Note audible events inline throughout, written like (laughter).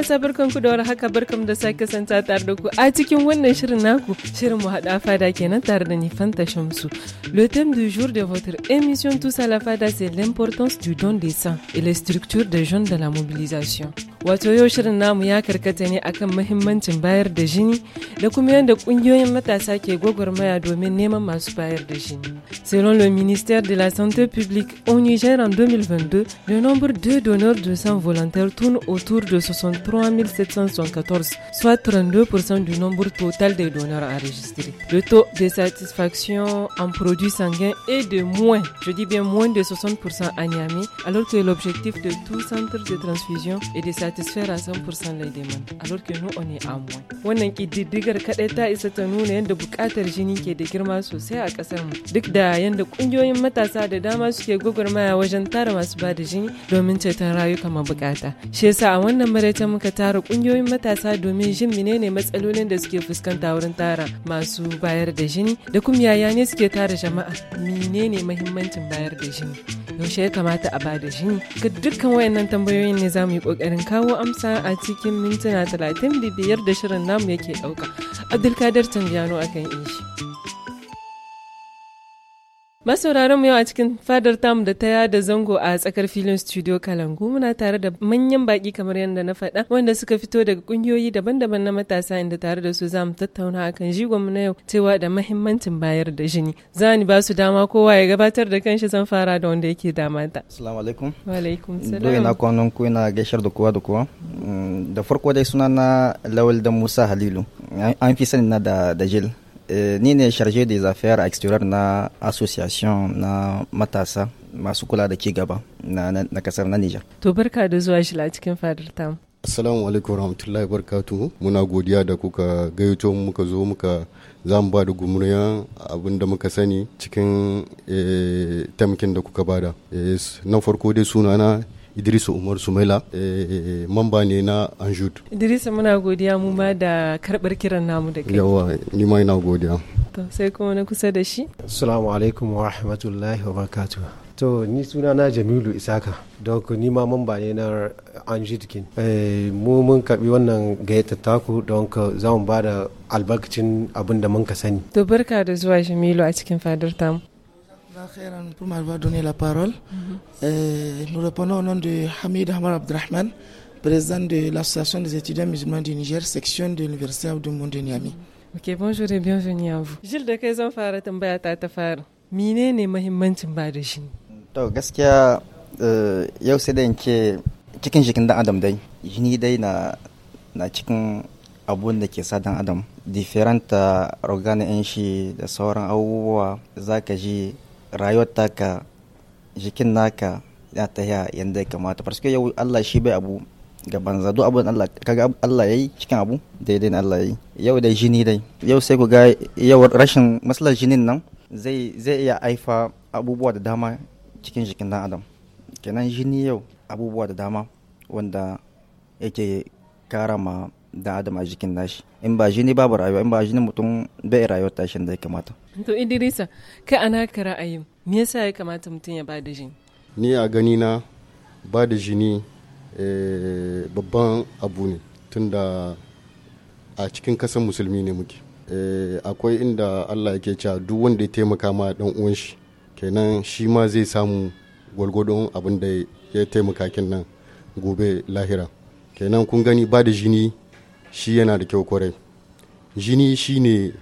matasa barkanku da war haka barkanmu da sake kasanta tare da ku a cikin wannan shirin naku shirin mu hada fada kenan tare da ni Fanta Shamsu. Le thème du jour de votre émission Tous à la fada c'est l'importance du don des sangs et les structures des jeunes de la mobilisation. Wato yau shirin namu ya karkata ne akan mahimmancin bayar da jini da kuma yadda kungiyoyin matasa ke gwagwarmaya domin neman masu bayar da jini. Selon le ministère de la Santé publique, au Niger en 2022, le nombre de donneurs de sang volontaires tourne autour de 60 3774, soit 32% du nombre total des donneurs enregistrés. Le taux de satisfaction en produits sanguins est de moins, je dis bien moins de 60% à Niamey, alors que l'objectif de tout centre de transfusion est de satisfaire à 100% les demandes, alors que nous, on est à moins. Wannan ƙididdigar kaɗai ta isa ta nuna à buƙatar jini ke da girma sosai a ƙasar mu, duk da est ƙungiyoyin matasa da dama suke gwagwarmaya wajen de génie, ba da jini domin ceton rayuka chez ça yasa a wannan maraicen Ka tara kungiyoyin matasa domin jin menene matsalolin da suke fuskanta wurin tara masu bayar da jini da kuma yaya ne suke tara jama'a menene mahimmancin bayar da jini yaushe ya kamata a ba da jini ga dukkan wayannan tambayoyin ne za mu yi kokarin kawo amsa a cikin mintuna talatin da biyar da shirin namu yake dauka abdulkadir tambiyano akan ishi. Masauraran mu yau a cikin fadar tamu da ta yada zango a tsakar filin studio Kalangu muna tare da manyan baki kamar yadda na faɗa wanda suka fito daga kungiyoyi daban-daban na matasa inda tare da su za mu tattauna akan jigon mu na yau cewa da mahimmancin bayar da jini. Za ni ba su dama kowa ya gabatar da kanshi zan fara da wanda yake dama ta. Assalamu alaikum. Wa alaikum salam. na kwanan ku ina gaishar da kowa da kowa. Mm, da farko dai suna na Lawal da Musa Halilu. An fi sani na da Jil. Eh, ni ne chargé des affaires extérieures na association na matasa masu kula da ci gaba na, na, na kasar na Nijar. To barka da zuwa shi cikin fadar tamu. Assalamu alaikum warahmatullahi barkatu muna godiya da kuka gayyato muka zo muka za mu ba da gumurya abin da muka sani cikin eh, tamkin da kuka bada. Eh, na farko dai sunana Idrisu Umar Sumaila eh, mamba ne na Anjud. Idrisu muna godiya mu ma da karɓar kiran namu da kai. Yawa ni ma ina godiya. To sai kuma na kusa da shi. Assalamu alaikum wa rahmatullahi wa barakatuh. To ni suna na Jamilu Isaka. donc ni ma mamba ne na Anjud Kin. Eh, mu mun kabi wannan gayyata taku don zamu za mu ba da albarkacin abinda da mun ka sani. To barka da zuwa Jamilu a cikin fadar tamu. pour m'avoir donné la parole. Mm -hmm. euh, nous répondons au nom de Hamid Hamar Abdrahman, président de l'Association des étudiants musulmans du Niger, section de l'Université Abdoumoun de Niamey. Ok, bonjour et bienvenue à vous. Gilles de Kazan Farah Tambaya Tatafar, mine ne mahimmancin ba da shi. To gaskiya eh, yau sai da cikin dan Adam dai, jini dai na na cikin abun da ke sa dan Adam, different eh, organin shi da sauran abubuwa za ka ji rayuwar taka jikin naka ya ta ya yanda ya kamata parce yau Allah shi bai abu ga banza duk abin Allah kaga Allah yayi cikin abu daidai Allah yayi yau dai jini dai yau sai ku ga yau rashin matsalar jinin nan zai zai iya haifa abubuwa da dama cikin jikin dan adam kenan jini yau abubuwa da dama wanda yake kara ma da adam a jikin nashi in ba jini babu rayuwa in ba jini mutum bai ta tashin da ya kamata to idirisa kai ana ka ra'ayin me yasa ya kamata mutum ya ba da jini ni a gani na ba da jini eh, babban abu ne tunda a cikin kasan musulmi ne muke eh, akwai inda allah yake cewa duk wanda ya taimaka ma dan uwan shi kenan shi ma zai samu gwalgwadon abin da ya taimaka kin nan gobe lahira kenan kun gani ba da jini shi yana da kyau kwarai jini shine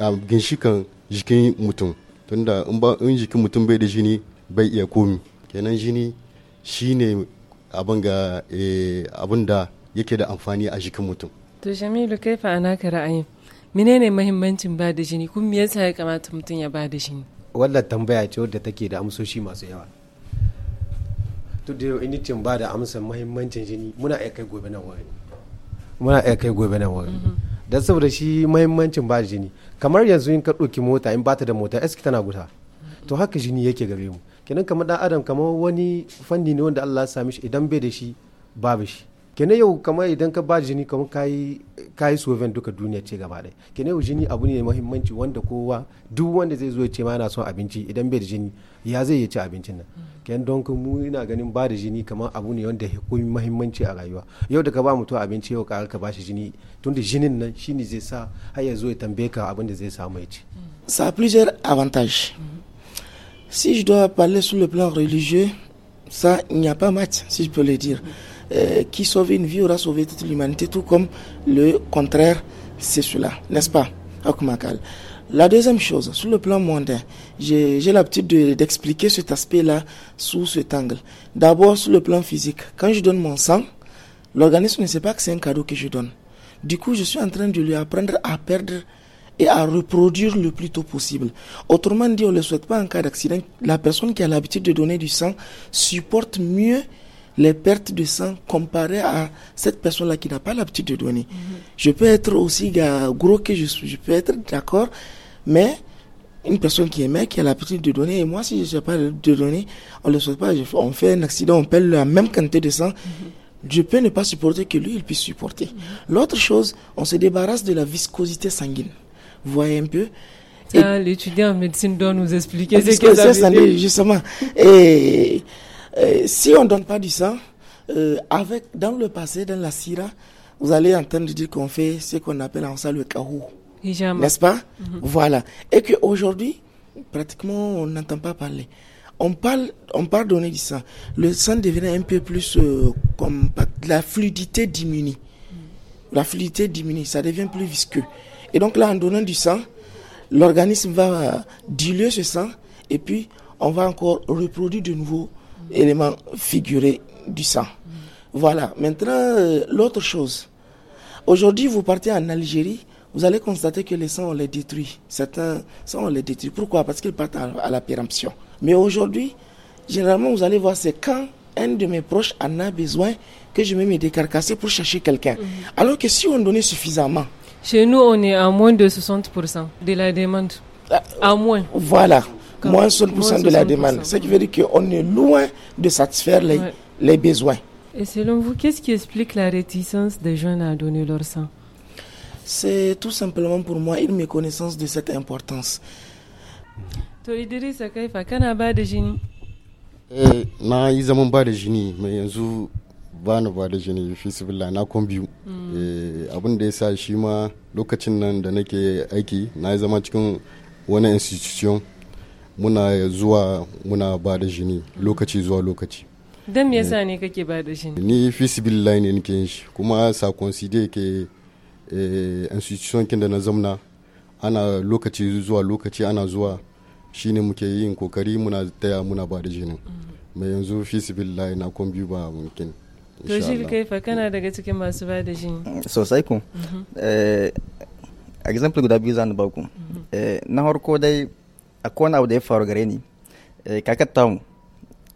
a ginshikan jikin mutum tunda in jikin mutum bai da jini bai iya komi kenan jini shine abin eh, abin da yake da amfani a jikin mutum to shamilu kai fa ana ka ra'ayin menene mahimmancin ba da jini kuma yasa ya kamata mutum ya ba da jini wannan tambaya ce wadda take da amsoshi masu yawa to da yau ba da amsar mahimmancin jini muna iya kai gobe nan wani muna iya kai gobe nan wani don saboda shi mahimmancin ba jini kamar yanzu in ka ɗauki mota in bata da mota eski tana guta to haka jini yake gare mu kenan kamar dan adam kamar wani fanni ne wanda Allah ya sami shi idan bai da shi babu shi kene yau kamar idan ka ba jini kamar kayi kayi soven duka duniya ce gaba ɗaya kene yau jini abu ne muhimmanci wanda kowa duk wanda zai zo ya ce ma yana son abinci idan bai da jini ya zai ya ci abincin nan mm. kene don mu ina ganin ba da jini kamar abu ne wanda ya muhimmanci a rayuwa yau da ka ba mutum abinci yau ka ba shi jini tunda jinin nan shine zai sa har ya zo ya tambaye ka abin da zai samu ya ci mm. ça a plusieurs avantages mm. si je dois parler sur le plan religieux ça il n'y a pas match si je peux le dire mm. Euh, qui sauve une vie aura sauvé toute l'humanité, tout comme le contraire, c'est cela, n'est-ce pas, La deuxième chose, sur le plan mondain, j'ai l'habitude d'expliquer cet aspect-là sous cet angle. D'abord, sur le plan physique, quand je donne mon sang, l'organisme ne sait pas que c'est un cadeau que je donne. Du coup, je suis en train de lui apprendre à perdre et à reproduire le plus tôt possible. Autrement dit, on ne le souhaite pas en cas d'accident. La personne qui a l'habitude de donner du sang supporte mieux les pertes de sang comparées à cette personne-là qui n'a pas l'habitude de donner. Je peux être aussi gros que je suis, je peux être d'accord, mais une personne qui est mère, qui a l'habitude de donner, et moi, si je ne sais pas de donner, on ne le souhaite pas, on fait un accident, on perd la même quantité de sang. Je peux ne pas supporter que lui, il puisse supporter. L'autre chose, on se débarrasse de la viscosité sanguine. Vous voyez un peu L'étudiant en médecine doit nous expliquer ce que ça veut dire. Justement. et euh, si on ne donne pas du sang, euh, avec, dans le passé, dans la Syrah, vous allez entendre dire qu'on fait ce qu'on appelle en ça le kahou. N'est-ce pas mhm. Voilà. Et qu'aujourd'hui, pratiquement, on n'entend pas parler. On parle, on parle donner du sang. Le sang devient un peu plus euh, comme La fluidité diminue. Mhm. La fluidité diminue, ça devient plus visqueux. Et donc là, en donnant du sang, l'organisme va diluer ce sang et puis on va encore reproduire de nouveau élément figuré du sang. Voilà. Maintenant, euh, l'autre chose. Aujourd'hui, vous partez en Algérie, vous allez constater que les sangs, on les détruit. Certains sangs, on les détruit. Pourquoi Parce qu'ils partent à, la péremption. Mais aujourd'hui, généralement, vous allez voir, c'est quand un de mes proches en a besoin que je me mets décarcasser pour chercher quelqu'un. Mhm. Alors que si on donnait suffisamment. Chez nous, on est à moins de 60% de la demande. Ah. À moins. Voilà moins 60% de la demande. Ce qui veut dire qu'on est loin de satisfaire les, les besoins. Et selon vous, qu'est-ce qui explique la réticence des jeunes à donner leur sang C'est tout simplement pour moi une méconnaissance de cette importance. Eh, na yi zaman ba da jini mai yanzu ba na ba da jini fi sibila na kon biyu abin da ya sa shi ma lokacin nan da nake aiki na yi zama cikin wani institution muna zuwa muna ba da jini lokaci zuwa lokaci don me yasa ne kake ba da jini ni fisibilai ne nake yin shi kuma sakon si dai ke eh, institution kin da na zamna ana lokaci zuwa lokaci ana zuwa shine muke yin kokari muna taya muna ba da jinin mai yanzu fisibilai na kwan biyu ba mumkin to shi kai fa kana daga cikin masu ba da jini sosai ku mhm. eh, example guda biyu zan ba ku mhm. eh, na harko dai akwai wani abu da ya faru gare ni eh, kakatamu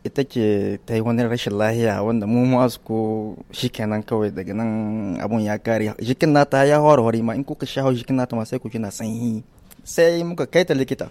ita ce ta yi wani rashin lahiya wanda mu masu ko shi kenan kawai daga nan abun ya kare jikin nata ya hawar hori ma in kuka sha jikin nata ma sai ku na sanyi sai muka kai ta likita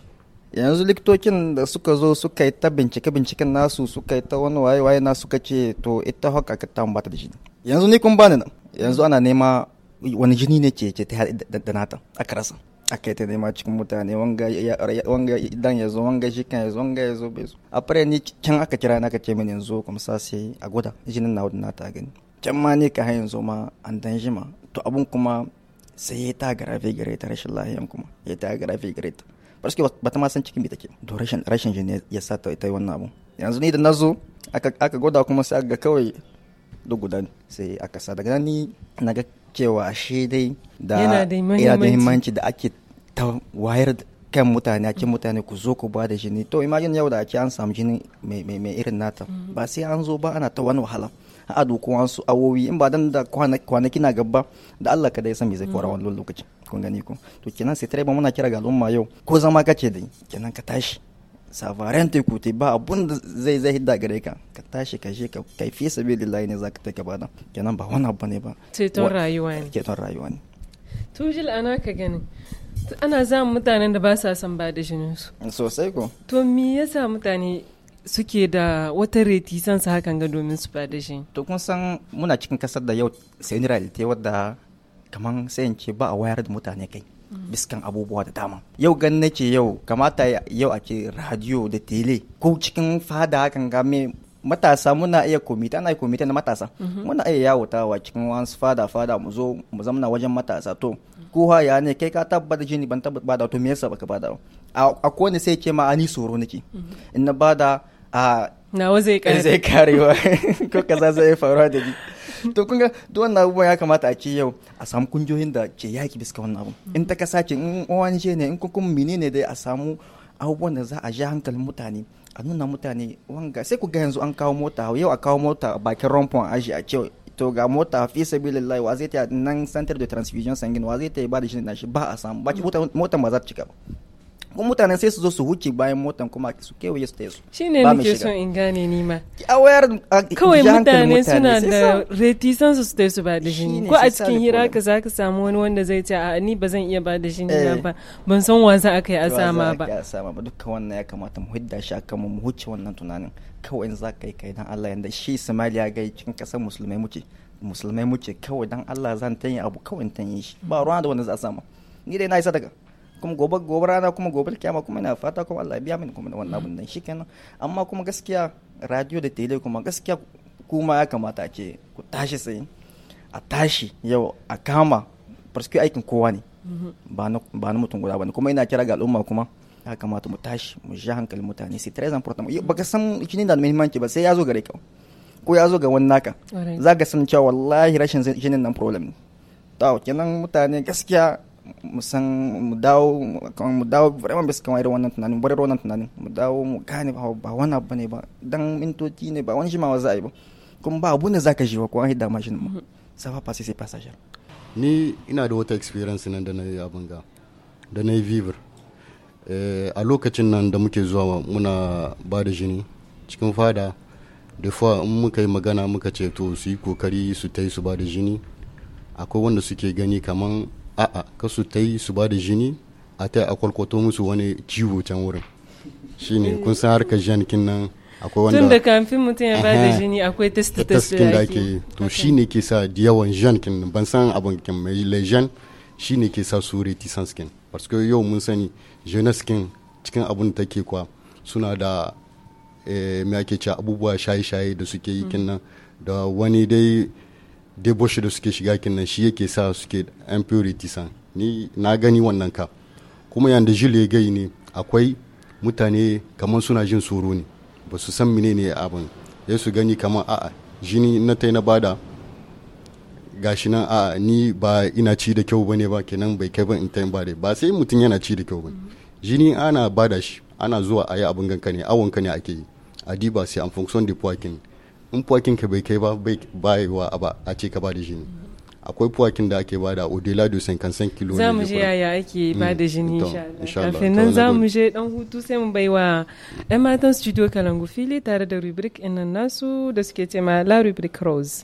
yanzu likitokin da suka zo suka yi ta bincike binciken nasu suka yi ta wani waye waye na suka ce to ita haka ba ta da jini yanzu ni kun bani nan yanzu ana nema wani jini ne ce ce ta da nata aka rasa aka ta nema cikin mutane wanga idan ya zo wanga shi kan zo wanga zo bai zo a ni can aka kira na ka ce min yanzu kuma sa sai a gwada jinin na wadda ta gani can ma ne ka har yanzu ma an dan ma to abun kuma sai ya ta garafe gare ta rashin lahiyan kuma ya ta garafe gare ta parce que ba ta ma san cikin bi take to rashin rashin jini ya sa ta ita wannan abun yanzu ni da na zo aka gwada kuma sai aka ga kawai duk guda sai aka sa daga ni na ga cewa shi dai da yana da muhimmanci da ake ta wayar kan mutane kin mutane ku zo ku bada jini to imagine yau da ake an samu jini mai irin nata mm-hmm. ba sai an zo ba ana ta wani wahala a dokon wasu awowi in ba dan da kwanaki na gaba da Allah ka dai san me zai fara mm-hmm. wani lokaci kun gani ko to kenan sai tare ba muna kira ga al'umma yau ko zama kace dai kenan ka tashi ku te ba abun da zai zai hidda gare ka ka tashi ka je ka kai fi sabilillahi ne zaka take bada kenan ba wani abu ne ba ceton rayuwa ne ceton rayuwa ne tujil ana ka gani ana samun mutanen da ba sa son ba da jininsu sosai ko to me yasa mutane suke da wata reti su hakan ga domin su ba da jini to kun san muna cikin kasar da yau sai ni realite wadda kaman sai in ce ba a wayar da mutane kai biskan abubuwa da dama yau gan nake yau kamata yau a ce radio da tele ko cikin fada hakan ga me matasa muna iya komita ana komita na matasa mhm. muna iya wa cikin wasu fada fada mu zo mu zamna wajen matasa to ko ya ne kai ka tabbata jini ban tabbata ba to me yasa baka bada a kowane sai ke ma ani soro nake mhm. in na bada a nawa zai kare zai karewa (laughs) ko kaza zai faruwa da ni to kun ga duk wannan abubuwan ya kamata a ci yau a samu kungiyoyin da ke yaki bisa wannan abu mhm. in ta kasa ce in ONG ne in kuma menene dai a samu abubuwan da za a ja hankalin mutane a nuna mutane wanga sai ku ga yanzu an kawo mota yau a kawo mota bakin rompon aji a ce to ga mota fi sabilillahi wa zai ta nan center de transfusion sangin wa zai ta ba da shi na shi ba a samu ki mota ba za ta cika ba kuma mutanen sai su zo su wuce bayan motan kuma su kewaye su su shi ne nake so in gane ni ma a kawai mutane suna da retisan su su su ba da shi ko a cikin hira ka za ka samu wani wanda zai ce a ni ba zan iya ba da shi na eh. ba ban san wasa aka yi asama ba asama ba dukkan wannan ya kamata mu hidda shi akan mu huce wannan tunanin kawai in za ka yi kai dan Allah yanda shi Somalia gai cikin kasar musulmai muke musulmai muke kawai dan Allah zan tanyi abu kawai tanyi shi ba ruwa da wanda za a sama ni dai na yi sadaka kuma gobe gobe rana kuma gobe kyama kuma ina fata kuma Allah biya mini kuma wannan abin nan shikenan amma kuma gaskiya radio da tele kuma gaskiya kuma ya kamata a ce ku tashi sai a tashi yau a kama farski aikin kowa ne mm-hmm. ba na mutum guda ba kuma ina kira ga al'umma kuma ya kamata mu tashi mu ji hankalin mutane sai zan furta ba ka san jini da muhimmanci ba sai ya zo gare ka ko ya zo ga wani naka za ka san cewa wallahi rashin jinin nan problem ne to kenan mutane gaskiya musan mu dawo mu dawo vraiment bisa kan irin wannan tunanin barar wannan tunanin mu dawo mu gane ba wani abu ne ba dan mintoci ne ba wani jimawa za a yi ba kuma ba abu ne za ka ji ba ko an hidda mashin ma ça va passer c'est passager ni ina da wata experience nan da na yi abin ga da na yi vivre eh, a lokacin nan da muke zuwa muna ba da jini cikin fada da fa in muka yi magana muka ce to su yi kokari su ta su ba da jini akwai wanda suke gani kaman a'a ka su ta yi su ba da jini a ta a kwalkwato musu wani ciwo can wurin shine kun san harkar janikin nan akwai wanda tun da kamfin mutum ya ba da jini akwai test test da ake yi to shine ke sa yawan janikin nan ban san abin kin mai lejan shine ke sa su reticence skin parce que yau mun sani jeunesse skin cikin abin da take kwa suna da eh, me ake ce abubuwa shaye-shaye da suke yi kin nan da wani dai debauche da suke shiga kinnan shi yake sa suke impurity san ni na gani wannan ka kuma yan da ya gai ne akwai mutane kamar suna jin tsoro ne ba su san mine ne abin ya su gani kaman a'a jini na tai na bada gashi nan a'a ni ba ina ci da kyau bane ba kenan bai kai ba in tai ba dai ba sai mutum yana ci da kyau bane jini ana bada shi ana zuwa a yi abin ganka ne awon ka ne ake yi adiba sai an function de poids in puwakin ka bai kai ba bai bayewa a ce ka ba da jini akwai puwakin da ake bada odela do san kilo za mu je yaya ake mm, ba da jini kafin nan za mu je dan hutu sai mu baiwa yan matan studio kalangu fili tare da rubric inan nasu da suke ce ma la rubric rose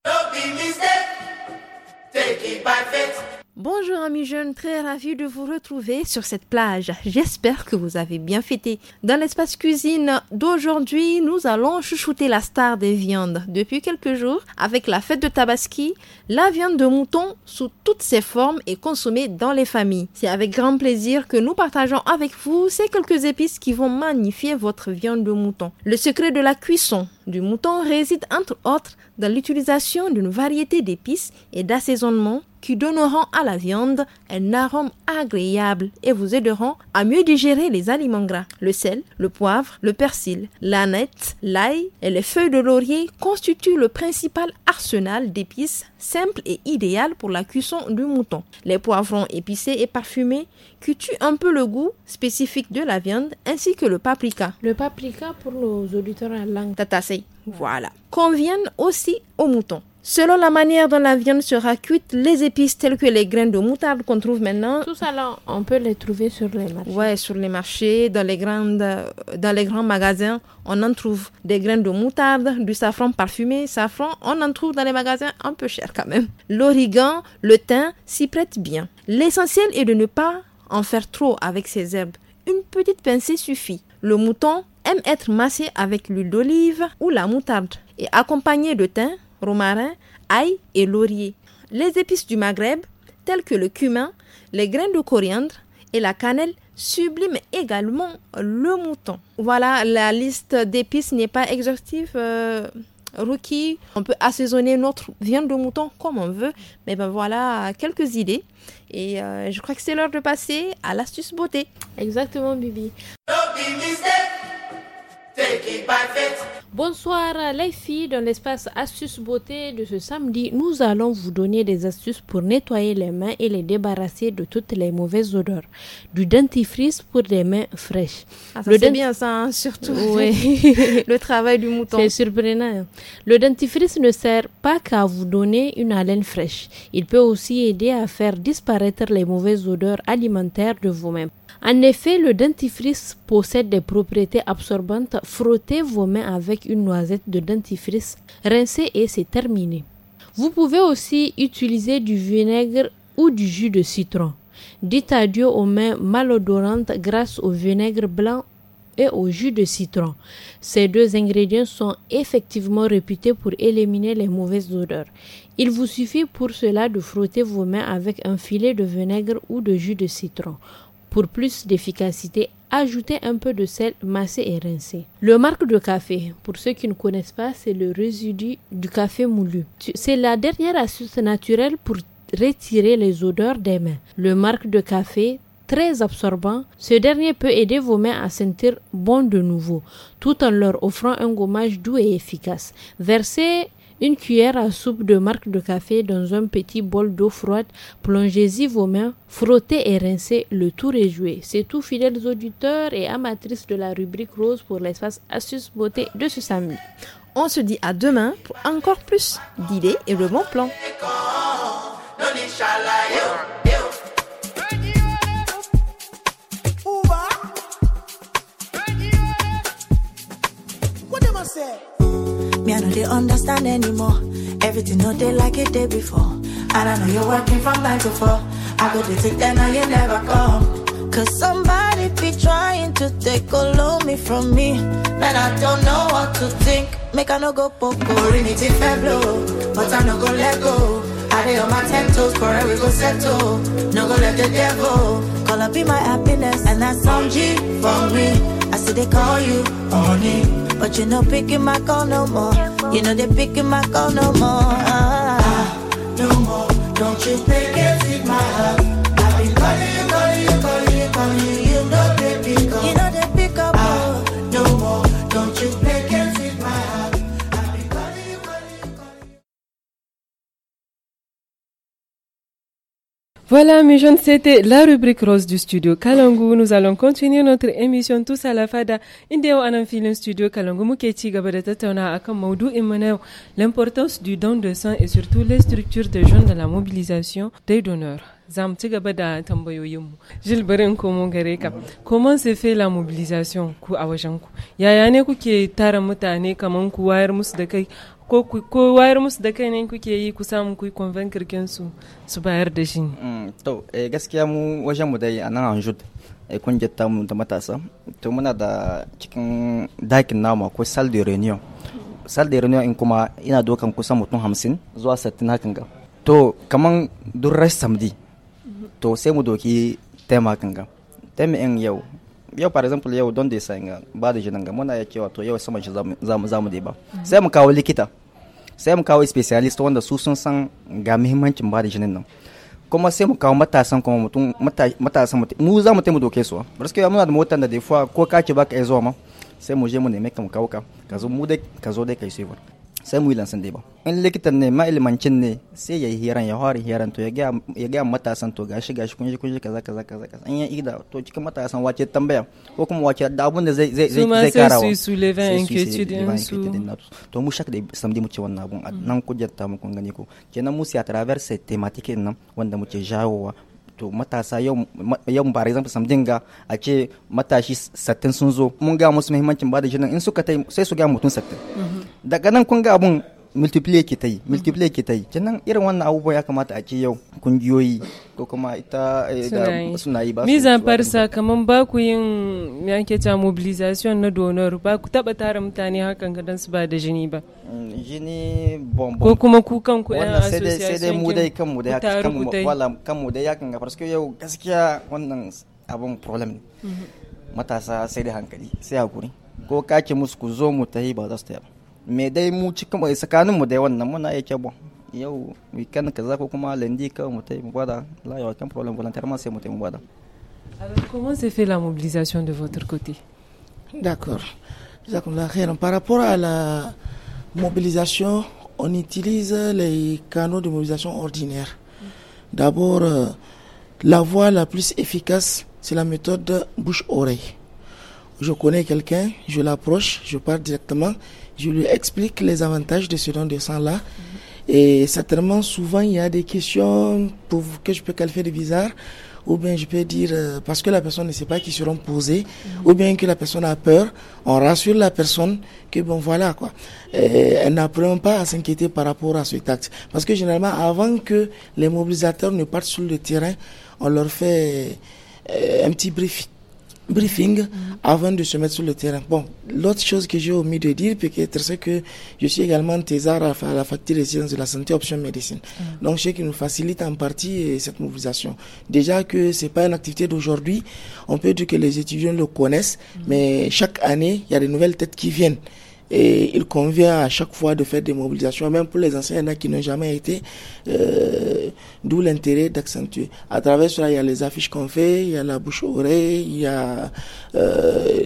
Bonjour amis jeunes, très ravi de vous retrouver sur cette plage. J'espère que vous avez bien fêté. Dans l'espace cuisine d'aujourd'hui, nous allons chouchouter la star des viandes. Depuis quelques jours, avec la fête de Tabaski, la viande de mouton sous toutes ses formes est consommée dans les familles. C'est avec grand plaisir que nous partageons avec vous ces quelques épices qui vont magnifier votre viande de mouton. Le secret de la cuisson du mouton réside entre autres dans l'utilisation d'une variété d'épices et d'assaisonnements qui donneront à la viande un arôme agréable et vous aideront à mieux digérer les aliments gras. Le sel, le poivre, le persil, l'aneth, l'ail et les feuilles de laurier constituent le principal arsenal d'épices simple et idéal pour la cuisson du mouton. Les poivrons épicés et parfumés qui tuent un peu le goût spécifique de la viande ainsi que le paprika. Le paprika pour les auditeurs en langue. voilà. Conviennent aussi au mouton. Selon la manière dont la viande sera cuite, les épices telles que les graines de moutarde qu'on trouve maintenant. Tout ça là, on peut les trouver sur les marchés. Ouais, sur les marchés, dans les, dans les grands magasins, on en trouve des graines de moutarde, du safran parfumé. Safran, on en trouve dans les magasins un peu cher quand même. L'origan, le thym s'y prêtent bien. L'essentiel est de ne pas en faire trop avec ces herbes. Une petite pincée suffit. Le mouton aime être massé avec l'huile d'olive ou la moutarde et accompagné de thym romarin, ail et laurier. Les épices du Maghreb, telles que le cumin, les graines de coriandre et la cannelle, subliment également le mouton. Voilà, la liste d'épices n'est pas exhaustive. Euh, rookie. On peut assaisonner notre viande de mouton comme on veut. Mais ben voilà quelques idées. Et euh, je crois que c'est l'heure de passer à l'astuce beauté. Exactement, Bibi oh, Bonsoir les filles, dans l'espace astuces beauté de ce samedi, nous allons vous donner des astuces pour nettoyer les mains et les débarrasser de toutes les mauvaises odeurs. Du dentifrice pour des mains fraîches. Ah, le c'est bien ça, hein, surtout (laughs) le travail du mouton. C'est surprenant. Hein. Le dentifrice ne sert pas qu'à vous donner une haleine fraîche. Il peut aussi aider à faire disparaître les mauvaises odeurs alimentaires de vos mains. En effet, le dentifrice possède des propriétés absorbantes. Frottez vos mains avec une noisette de dentifrice, rincez et c'est terminé. Vous pouvez aussi utiliser du vinaigre ou du jus de citron. Dites adieu aux mains malodorantes grâce au vinaigre blanc et au jus de citron. Ces deux ingrédients sont effectivement réputés pour éliminer les mauvaises odeurs. Il vous suffit pour cela de frotter vos mains avec un filet de vinaigre ou de jus de citron. Pour plus d'efficacité, ajoutez un peu de sel massé et rincé. Le marc de café, pour ceux qui ne connaissent pas, c'est le résidu du café moulu. C'est la dernière astuce naturelle pour retirer les odeurs des mains. Le marc de café très absorbant, ce dernier peut aider vos mains à sentir bon de nouveau, tout en leur offrant un gommage doux et efficace. Versez une cuillère à soupe de marque de café dans un petit bol d'eau froide. Plongez-y vos mains, frottez et rincez. Le tour est joué. C'est tout, fidèles auditeurs et amatrices de la rubrique rose pour l'espace Astuce Beauté de ce samedi. On se dit à demain pour encore plus d'idées et le bon plan. don't they understand anymore. Everything not they like it day before. And I know you're working from nine to four. I go to take that now you never come. Cause somebody be trying to take all of me from me. Man, I don't know what to think. Make I no go poco. if I blow, but I no go let go. I lay on my ten toes, forever go settle. No go let the devil call up be my happiness, and that's some G for me. I see they call you honey, but you no picking my call no more. You know they're picking my call no more. Ah, no more. Don't you think it's my heart? Voilà, mes jeunes, c'était la rubrique rose du studio Kalangu. Nous allons continuer notre émission tous à la fada. Indéo un filin studio Kalangu muketi gabadatatauna akam maudou imaneo. L'importance du don de sang et surtout les structures de jeunes dans la mobilisation des donneurs. Zam tigabada tambayoyumu. Gilles Berenko Komongareka. Comment se fait la mobilisation ku awajanku? Yayane ku ki tara mutane kaman ku wayar musu da kai ko ko wayar musu da kai ne kuke yi ku samu ku yi convincer su su bayar da shi mm, to eh, gaskiya mu wajen mu dai a nan kun eh, kungiyar mu da matasa to muna da cikin dakin nama ko sal de reunion sal de reunion in kuma ina dokan kusan mutum hamsin zuwa 60 hakan ga to kaman duk rai samdi to sai mu doki tema kan ga tema in yau yau par exemple yau don da sai ga ba da jinan ga muna ya cewa to yau sama shi zamu zamu da ba mm-hmm. sai mu kawo likita sai mu kawo specialist wanda su sun san ga muhimmancin ba da jinin nan kuma sai mu kawo matasan kuma mutum matasan mu za mu taimu doke su barske muna da motar da da ko ka ce baka iya zuwa ma sai mu je mu neme ka mu kawo ka ka zo mu dai ka zo dai kai sai sai mu yi lansan dai ba in likitan ne ma'ilmancin ne sai ya yi hiran ya fara hiran to ya gaya matasan to gashi gashi kunshi kunshi kaza kaza kaza kaza in ya ida to cikin matasan wace tambaya ko kuma wace da abun da zai zai zai karawa su su leven din su to mu shak da samdi mu ce wannan abun mm. nan ta mu kun gani ko kenan mu siya a travers nan wanda mu ce jawowa to matasa yau ba rai zan ga a ce matashi sattin sun zo mun ga musu muhimmancin ba da jinin in suka tai sai su ga mutum sattin mm-hmm. daga nan kun ga abun multiplay ke ta yi multiplay ke ta yi kenan irin wannan abubuwa ya kamata a ce yau kungiyoyi ko kuma ita eh, suna yi ba su mizan farsa kamar ba ku yin yanke ta mobilization na donor ba ku taba tara mutane hakan ga su ba da jini ba mm, jini bon ko kuma ku kanku yan association sai dai mu dai kanmu dai kanmu wala kanmu dai yakan ga farsa yau gaskiya wannan abun problem mhm. matasa sai dai hankali sai hakuri ko kake musu ku zo mu tahi ba za su ta ba me dai mu cikin eh, tsakanin mu dai wannan muna yake kyabon yau weekend kaza ko kuma lundi ka mu tai mu gwada la yau kan problem volontairement sai mu tai mu gwada Alors, comment s'est fait la mobilisation de votre côté D'accord. Par rapport à la mobilisation, on utilise les canaux de mobilisation ordinaires. D'abord, euh, la voie la plus efficace, c'est la méthode bouche-oreille je connais quelqu'un, je l'approche, je parle directement, je lui explique les avantages de ce don de sang-là. Et certainement, souvent, il y a des questions que je peux qualifier de bizarres, ou bien je peux dire, euh, parce que la personne ne sait pas, qui seront posées, mhm. ou bien que la personne a peur, on rassure la personne que, bon, voilà, quoi. Euh, elle n'apprend pas à s'inquiéter par rapport à ce taxe. Parce que généralement, avant que les mobilisateurs ne partent sur le terrain, on leur fait euh, un petit brief briefing avant de se mettre sur le terrain. Bon, l'autre chose que j'ai omis de dire, peut c'est que je suis également thésard à la facture des sciences de la santé option médecine. Donc, mm. Donc, ce qui nous facilite en partie euh, cette mobilisation. Déjà que c'est pas une activité d'aujourd'hui, on peut dire que les étudiants le connaissent, mm. mais chaque année, il y a de nouvelles têtes qui viennent. Et il convient à chaque fois de faire des mobilisations, même pour les anciens, qui n'ont jamais été, euh, d'où l'intérêt d'accentuer. À travers cela, il y a les affiches qu'on fait, il y a la bouche-oreille, il y a euh,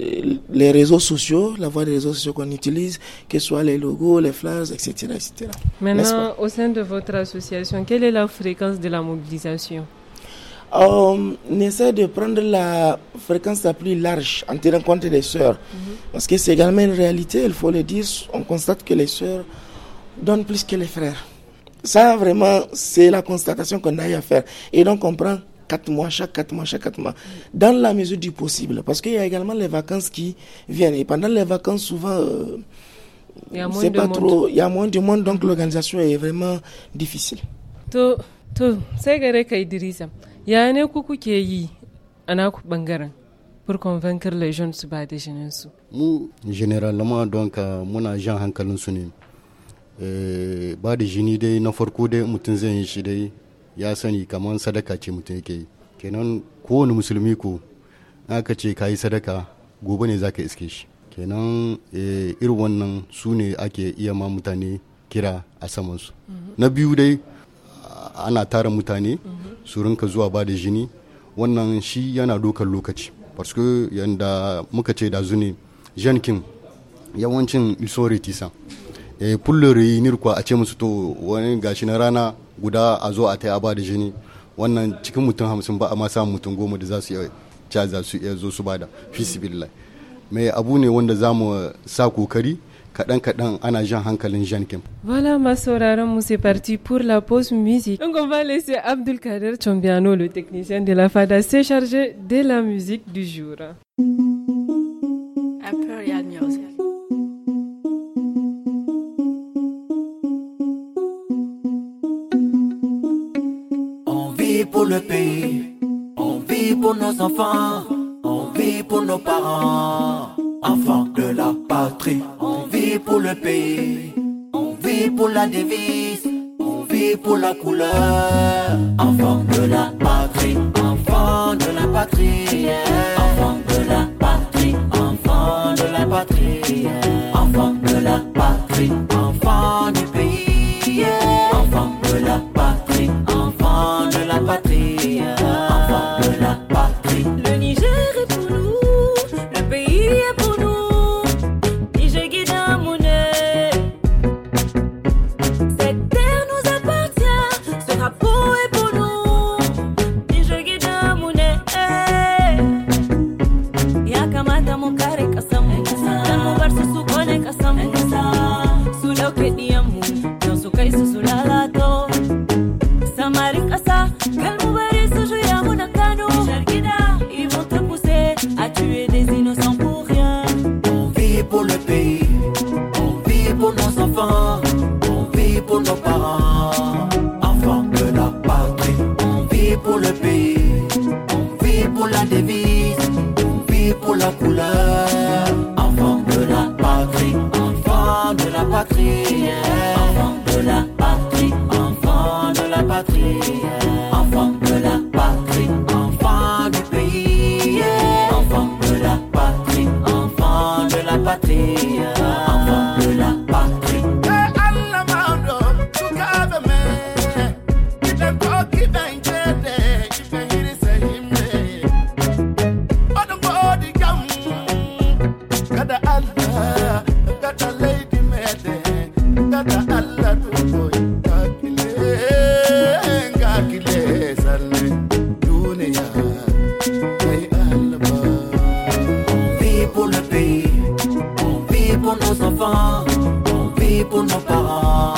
les réseaux sociaux, la voie des réseaux sociaux qu'on utilise, que ce soit les logos, les flashs, etc. etc. Maintenant, au sein de votre association, quelle est la fréquence de la mobilisation euh, on essaie de prendre la fréquence la plus large en tenant compte des soeurs. Mhm. Parce que c'est également une réalité, il faut le dire, on constate que les soeurs donnent plus que les frères. Ça, vraiment, c'est la constatation qu'on a à faire. Et donc, on prend quatre mois, chaque quatre mois, chaque quatre mois, dans la mesure du possible. Parce qu'il y a également les vacances qui viennent. Et pendant les vacances, souvent... Euh, c'est pas trop il y a moins de monde donc l'organisation est vraiment difficile to to C'est ya ne ku kuke yi a naku bangaren pour convaincre les jeunes su ba da jinin su mu généralement donc euh, muna jan hankalin su ne eh, ba da jini dai na farko dai mutum zai yi shi dai ya sani kamar sadaka ce mutum yake yi kenan kowane musulmi ko aka ce ka yi sadaka gobe ne za ka iske shi kenan eh, irin wannan su ne ake iya ma mutane kira a samansu mhm. na biyu dai ana tara mutane mm -hmm. su rinka zuwa ba da jini wannan shi yana dokar lokaci parce yanda muka ce da zune jankin yawancin isoriti sa réticents e eh, pulle reunir kwa a ce musu to wani gashi na rana guda a zo a ta ba da jini wannan cikin mutum hamsin ba a ma samun mutum goma da za su iya za su iya zo su bada fisibillah mai abu ne wanda za mu sa kokari Voilà ma sauraron mu c'est parti pour la pause musique. Donc on va laisser Abdul Kader Chombiano, le technicien de la FADA, se charger de la musique du jour. On vit pour le pays, on vit pour nos enfants, on vit pour nos parents, enfants de la patrie vit pour le pays, on vit pour la devise, on vit pour la couleur. Enfant de la patrie, enfant de la patrie, enfant de la patrie.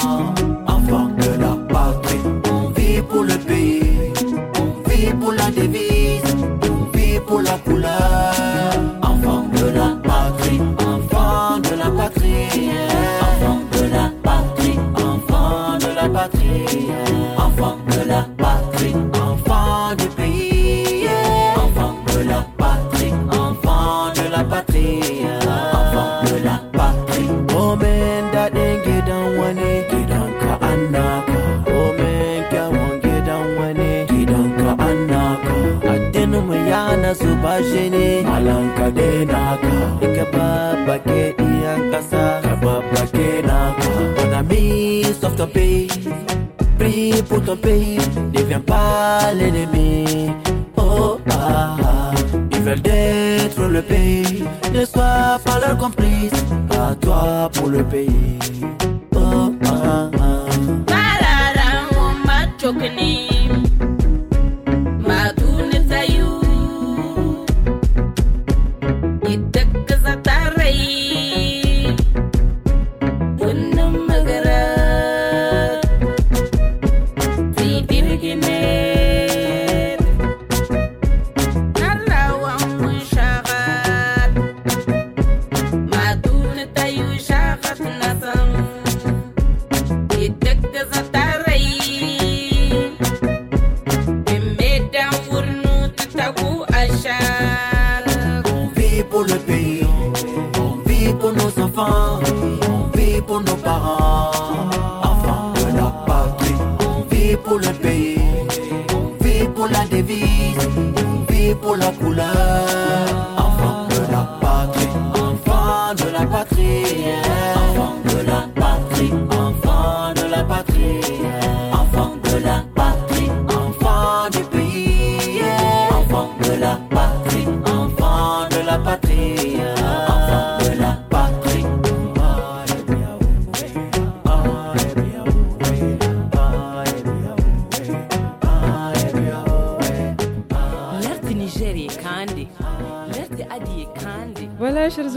now. pour ton pays, ne viens pas l'ennemi. Oh ah, ah. ils veulent détruire le pays, ne sois pas leur complice, à toi pour le pays.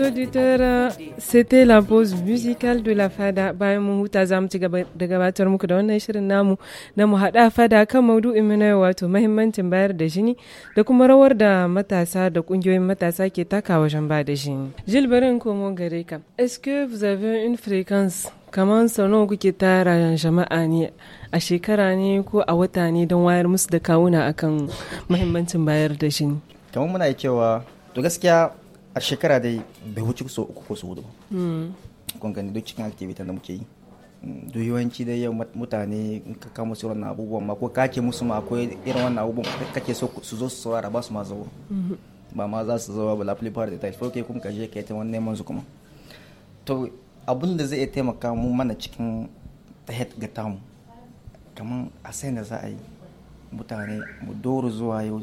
auditeurs, c'était la pause musicale de la fada bayan mun huta za mu ci gaba da gabatar muku da wannan shirin namu na mu haɗa fada kan maudu'in mu na wato mahimmancin bayar da jini da kuma rawar da matasa da ƙungiyoyin matasa ke taka wajen ba da jini. Jil barin komo gare ka. Est-ce que vous avez une fréquence kamar sau nawa kuke tara jama'a ne a shekara ne ko a wata ne don wayar musu da kawuna akan mahimmancin bayar da jini? Kamar muna cewa to gaskiya a shekara dai bai wuce so uku ko so hudu kun gani duk cikin activity da muke yi duk yawanci dai yau mutane in ka kama su wannan abubuwan ma ko kake musu ma akwai irin wannan abubuwan kake so su zo su saurara ba su ma zo ba ma za su zo ba la plupart da ta ko kai kuma ka je kai ta wannan neman su kuma to abin da zai taimaka mu mana cikin ta ga tamu kamar a sai da za a yi mutane mu doro zuwa yau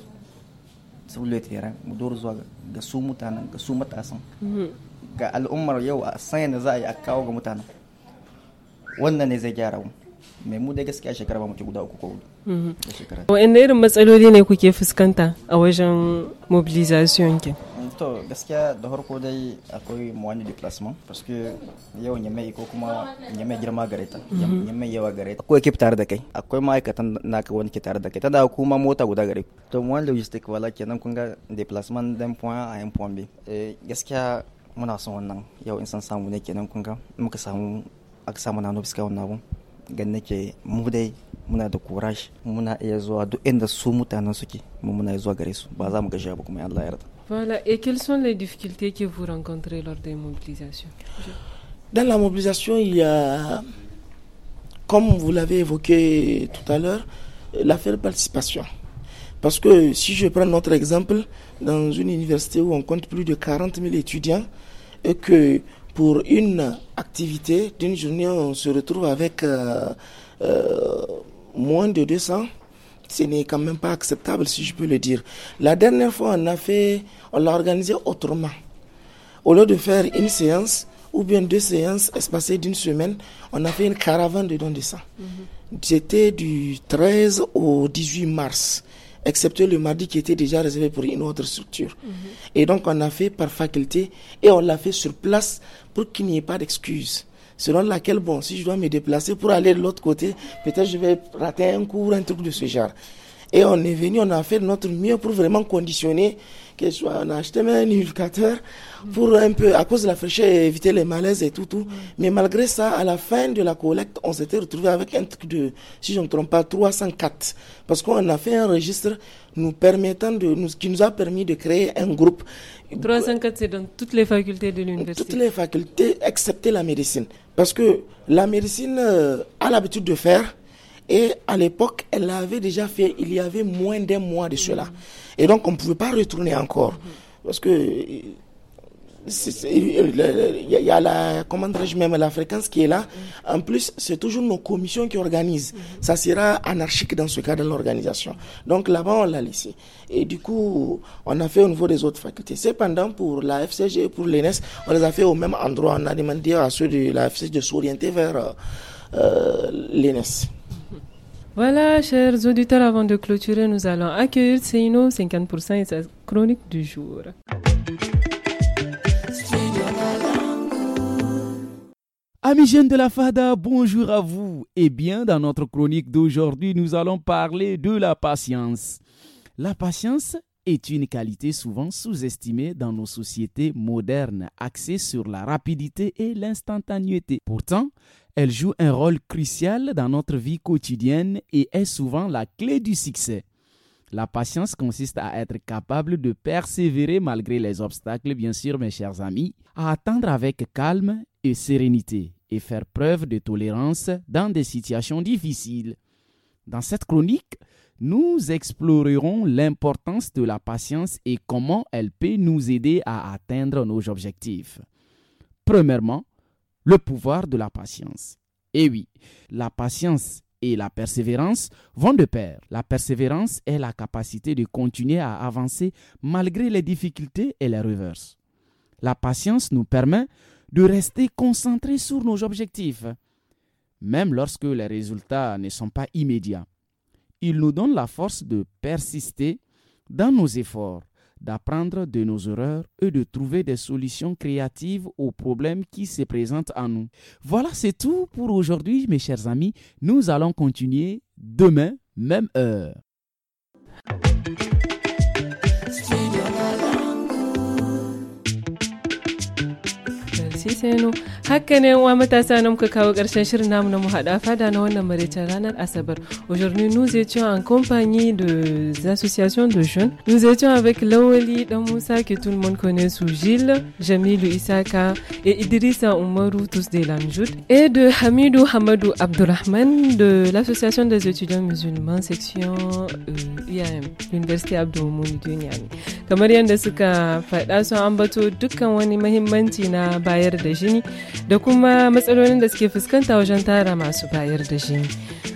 saboda tera mu dora zuwa ga su mutanen ga su matasan mhm. ga al'ummar yau a sanya da za a yi a kawo ga mutanen wannan ne zai gyara mu mai mu da gaskiya shekara ba mu ci guda uku ko hudu mhm. wa'anne irin matsaloli ne kuke fuskanta a wajen mobilization kin to gaskiya da harko dai akwai wani deplasman parce que yau nyame ko kuma nyame girma gare ta nyame mhm. yawa gare ta akwai ekip tare da kai akwai ma'aikatan naka wani ke tare da kai tada kuma mota guda gare to wani logistic wala kenan kun ga deplasman dan point a yan point b eh, gaskiya muna son wannan yau in san samu ne kenan kun ga muka samu aka samu na nobiska wannan abun gan nake mu dai muna da courage muna iya zuwa duk inda su mutanen suke mu muna zuwa gare su ba za mu gashi ba kuma Allah ya yarda Voilà. Et quelles sont les difficultés que vous rencontrez lors des mobilisations Dans la mobilisation, il y a, comme vous l'avez évoqué tout à l'heure, l'affaire participation. Parce que si je prends notre exemple, dans une université où on compte plus de 40 000 étudiants, et que pour une activité d'une journée, on se retrouve avec euh, euh, moins de 200, ce n'est quand même pas acceptable, si je peux le dire. La dernière fois, on a fait, on l'a organisé autrement. Au lieu de faire une séance ou bien deux séances espacées d'une semaine, on a fait une caravane de dons de sang. Mhm. C'était du 13 au 18 mars, excepté le mardi qui était déjà réservé pour une autre structure. Mhm. Et donc, on a fait par faculté et on l'a fait sur place pour qu'il n'y ait pas d'excuses selon laquelle, bon, si je dois me déplacer pour aller de l'autre côté, peut-être je vais rater un cours, un truc de ce genre. Et on est venu, on a fait notre mieux pour vraiment conditionner, que soit on a acheté même un éducateur pour un peu, à cause de la fraîcheur, éviter les malaises et tout, tout. Mais malgré ça, à la fin de la collecte, on s'était retrouvé avec un truc de, si je ne me trompe pas, 304. Parce qu'on a fait un registre nous permettant de, nous, qui nous a permis de créer un groupe 304, c'est dans toutes les facultés de l'université Toutes les facultés, excepté la médecine. Parce que la médecine euh, a l'habitude de faire, et à l'époque, elle l'avait déjà fait, il y avait moins d'un mois de cela. Et donc, on ne pouvait pas retourner encore. Parce que euh, il y a la, même, la fréquence qui est là. Mm-hmm. En plus, c'est toujours nos commissions qui organisent. Mm-hmm. Ça sera anarchique dans ce cas de l'organisation. Donc là-bas, on l'a laissé. Et du coup, on a fait au niveau des autres facultés. Cependant, pour la FCG et pour l'ENES, on les a fait au même endroit. On a demandé à ceux de la FCG de s'orienter vers euh, euh, l'ENES. Voilà, chers auditeurs, avant de clôturer, nous allons accueillir Seino 50% et sa chronique du jour. Amis jeunes de la FADA, bonjour à vous. Eh bien, dans notre chronique d'aujourd'hui, nous allons parler de la patience. La patience est une qualité souvent sous-estimée dans nos sociétés modernes, axées sur la rapidité et l'instantanéité. Pourtant, elle joue un rôle crucial dans notre vie quotidienne et est souvent la clé du succès. La patience consiste à être capable de persévérer malgré les obstacles, bien sûr, mes chers amis, à attendre avec calme et sérénité et faire preuve de tolérance dans des situations difficiles. Dans cette chronique, nous explorerons l'importance de la patience et comment elle peut nous aider à atteindre nos objectifs. Premièrement, le pouvoir de la patience. Eh oui, la patience et la persévérance vont de pair. La persévérance est la capacité de continuer à avancer malgré les difficultés et les reverses. La patience nous permet de rester concentrés sur nos objectifs, même lorsque les résultats ne sont pas immédiats. Il nous donne la force de persister dans nos efforts d'apprendre de nos erreurs et de trouver des solutions créatives aux problèmes qui se présentent à nous. Voilà, c'est tout pour aujourd'hui, mes chers amis. Nous allons continuer demain, même heure. Merci, Aujourd'hui, nous étions en compagnie des associations de jeunes. Nous étions avec Lawali Damoussa, que tout le monde connaît sous Gilles, Jamil Isaka et Idrissa Oumarou, tous des Lanjout et de Hamidou Hamadou Abdurrahman de l'association des étudiants musulmans, section euh, IAM, l'université Abdou Moumouni de Niamey. Kamar yadda suka faɗa sun ambato dukkan wani mahimmanci na bayar da da kuma matsalolin da suke fuskanta wajen tara masu bayar da shi.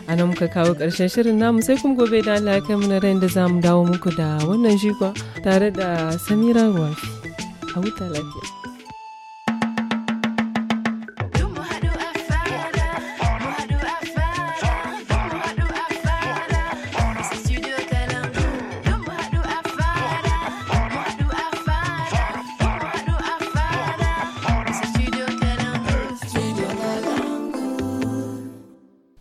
a nan muka kawo ƙarshen shirin namu sai kuma gobe da Allah ya mu ran da za mu dawo muku da wannan shiko tare da samira ruwafi a huta lafiya